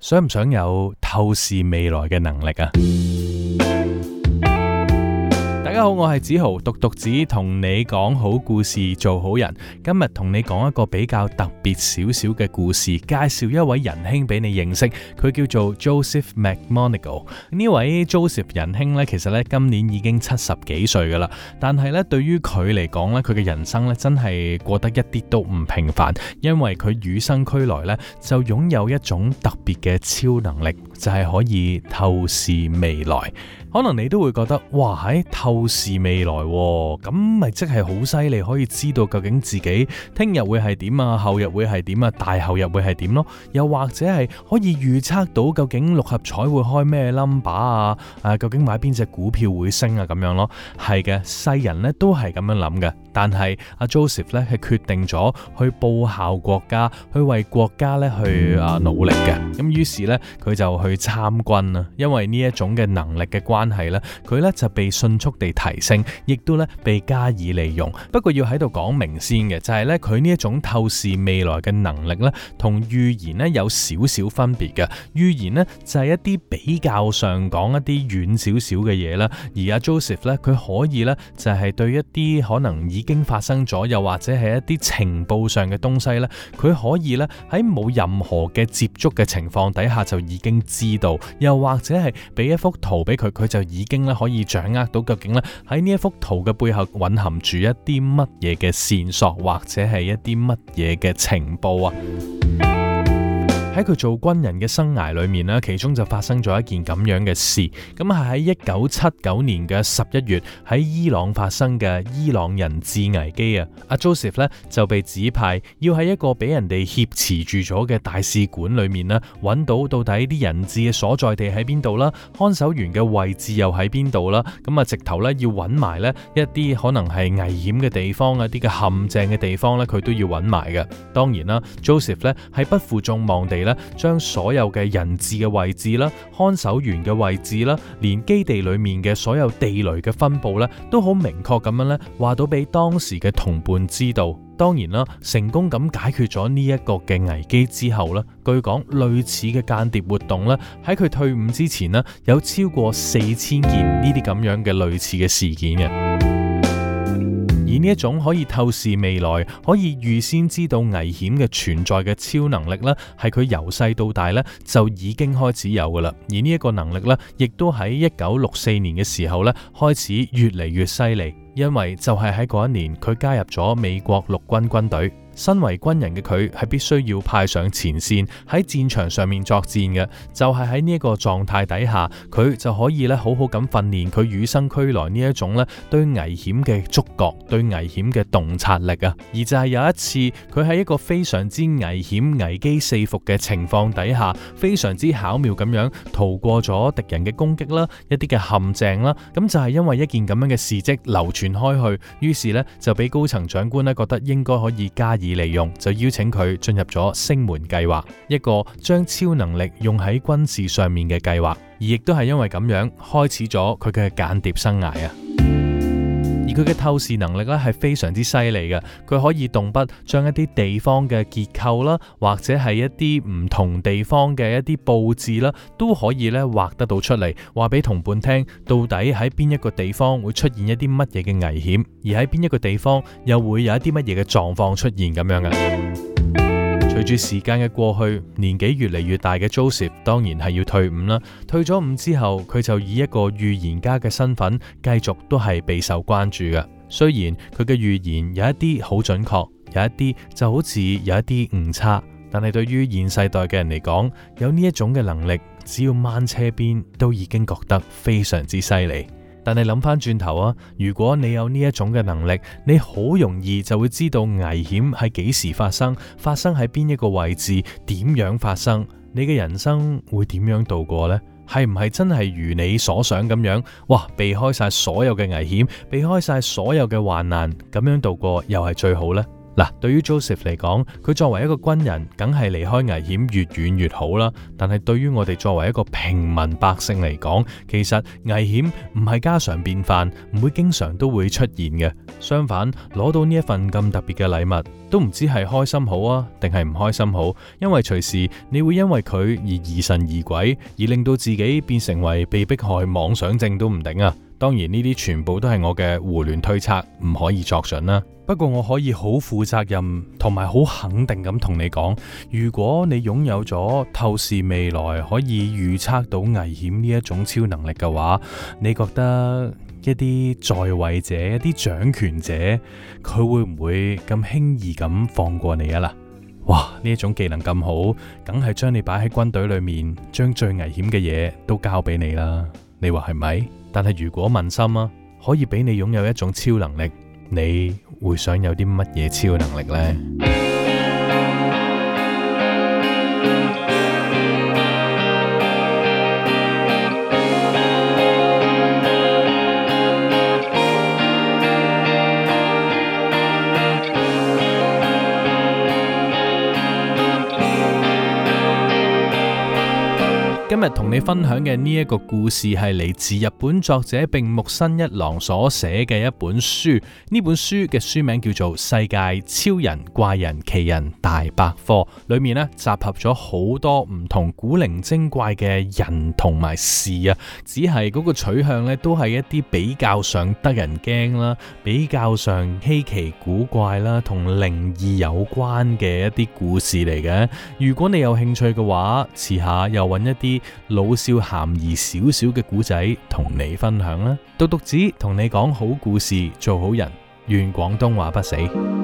想唔想有透視未來嘅能力啊？大家好，我係梓豪，獨讀子同你講好故事，做好人。今日同你講一個比較特別少少嘅故事，介紹一位仁兄俾你認識。佢叫做 Joseph McMonagle。呢位 Joseph 仁兄呢，其實咧今年已經七十幾歲噶啦，但係呢，對於佢嚟講呢，佢嘅人生咧真係過得一啲都唔平凡，因為佢與生俱來呢，就擁有一種特別嘅超能力，就係可以透視未來。可能你都會覺得，哇！喺、欸、透視未來、哦，咁咪即係好犀利，可以知道究竟自己聽日會係點啊，後日會係點啊，大後日會係點咯？又或者係可以預測到究竟六合彩會開咩 number 啊？啊，究竟買邊隻股票會升啊？咁樣咯，係嘅，世人咧都係咁樣諗嘅。但係阿、啊、Joseph 咧係決定咗去報效國家，去為國家咧去啊努力嘅。咁、啊、於是咧佢就去參軍啊，因為呢一種嘅能力嘅關。關係咧，佢咧就被迅速地提升，亦都咧被加以利用。不過要喺度講明先嘅，就係咧佢呢一種透視未來嘅能力咧，同預言呢有少少分別嘅。預言呢就係一啲比較上講一啲遠少少嘅嘢啦。而阿 Joseph 咧，佢可以咧就係對一啲可能已經發生咗，又或者係一啲情報上嘅東西咧，佢可以咧喺冇任何嘅接觸嘅情況底下就已經知道，又或者係俾一幅圖俾佢，佢就已經咧可以掌握到究竟咧喺呢一幅圖嘅背後隱含住一啲乜嘢嘅線索，或者係一啲乜嘢嘅情報啊！喺佢做軍人嘅生涯裏面呢，其中就發生咗一件咁樣嘅事。咁係喺一九七九年嘅十一月，喺伊朗發生嘅伊朗人質危機啊。阿 Joseph 呢就被指派要喺一個俾人哋挾持住咗嘅大使館裏面呢，揾到到底啲人質嘅所在地喺邊度啦，看守員嘅位置又喺邊度啦。咁啊，直頭呢要揾埋呢一啲可能係危險嘅地方啊，啲嘅陷阱嘅地方呢，佢都要揾埋嘅。當然啦，Joseph 呢係不負眾望地。咧將所有嘅人質嘅位置啦、看守員嘅位置啦、連基地裏面嘅所有地雷嘅分布咧，都好明確咁樣咧話到俾當時嘅同伴知道。當然啦，成功咁解決咗呢一個嘅危機之後咧，據講類似嘅間諜活動咧喺佢退伍之前咧有超過四千件呢啲咁樣嘅類似嘅事件嘅。而呢一種可以透視未來、可以預先知道危險嘅存在嘅超能力呢，係佢由細到大呢就已經開始有噶啦。而呢一個能力呢，亦都喺一九六四年嘅時候呢開始越嚟越犀利，因為就係喺嗰一年佢加入咗美國陸軍軍隊。身為軍人嘅佢係必須要派上前線，喺戰場上面作戰嘅，就係喺呢一個狀態底下，佢就可以咧好好咁訓練佢與生俱來呢一種咧對危險嘅觸覺、對危險嘅洞察力啊。而就係有一次，佢喺一個非常之危險、危機四伏嘅情況底下，非常之巧妙咁樣逃過咗敵人嘅攻擊啦、一啲嘅陷阱啦。咁就係因為一件咁樣嘅事跡流傳開去，於是呢，就俾高層長官咧覺得應該可以加以。而利用就邀請佢進入咗星門計劃，一個將超能力用喺軍事上面嘅計劃，而亦都係因為咁樣開始咗佢嘅間諜生涯啊！而佢嘅透視能力咧係非常之犀利嘅，佢可以動筆將一啲地方嘅結構啦，或者係一啲唔同地方嘅一啲佈置啦，都可以咧畫得到出嚟，話俾同伴聽到底喺邊一個地方會出現一啲乜嘢嘅危險，而喺邊一個地方又會有一啲乜嘢嘅狀況出現咁樣嘅。隨住時間嘅過去，年紀越嚟越大嘅 Joseph 當然係要退伍啦。退咗伍之後，佢就以一個預言家嘅身份，繼續都係備受關注嘅。雖然佢嘅預言有一啲好準確，有一啲就好似有一啲誤差，但係對於現世代嘅人嚟講，有呢一種嘅能力，只要掹車邊都已經覺得非常之犀利。但係諗翻轉頭啊，如果你有呢一種嘅能力，你好容易就會知道危險係幾時發生，發生喺邊一個位置，點樣發生，你嘅人生會點樣度過呢？係唔係真係如你所想咁樣？哇，避開晒所有嘅危險，避開晒所有嘅患難，咁樣度過又係最好呢？嗱，對於 Joseph 嚟講，佢作為一個軍人，梗係離開危險越遠越好啦。但係對於我哋作為一個平民百姓嚟講，其實危險唔係家常便飯，唔會經常都會出現嘅。相反，攞到呢一份咁特別嘅禮物，都唔知係開心好啊，定係唔開心好？因為隨時你會因為佢而疑神疑鬼，而令到自己變成為被逼害妄想症都唔定啊！當然呢啲全部都係我嘅胡亂推測，唔可以作準啦。不過我可以好負責任同埋好肯定咁同你講，如果你擁有咗透視未來可以預測到危險呢一種超能力嘅話，你覺得一啲在位者、一啲掌權者佢會唔會咁輕易咁放過你啊？喇嘩，呢一種技能咁好，梗係將你擺喺軍隊裏面，將最危險嘅嘢都交俾你啦。你話係咪？但係如果問心啊，可以俾你擁有一種超能力，你會想有啲乜嘢超能力呢？今日同你分享嘅呢一個故事係嚟自日本作者並木伸一郎所寫嘅一本書。呢本書嘅書名叫做《世界超人怪人奇人大百科》，裏面咧集合咗好多唔同古靈精怪嘅人同埋事啊。只係嗰個取向咧都係一啲比較上得人驚啦，比較上稀奇古怪啦，同靈異有關嘅一啲故事嚟嘅。如果你有興趣嘅話，遲下又揾一啲。老少咸宜，少少嘅古仔同你分享啦！獨讀子同你講好故事，做好人，願廣東話不死。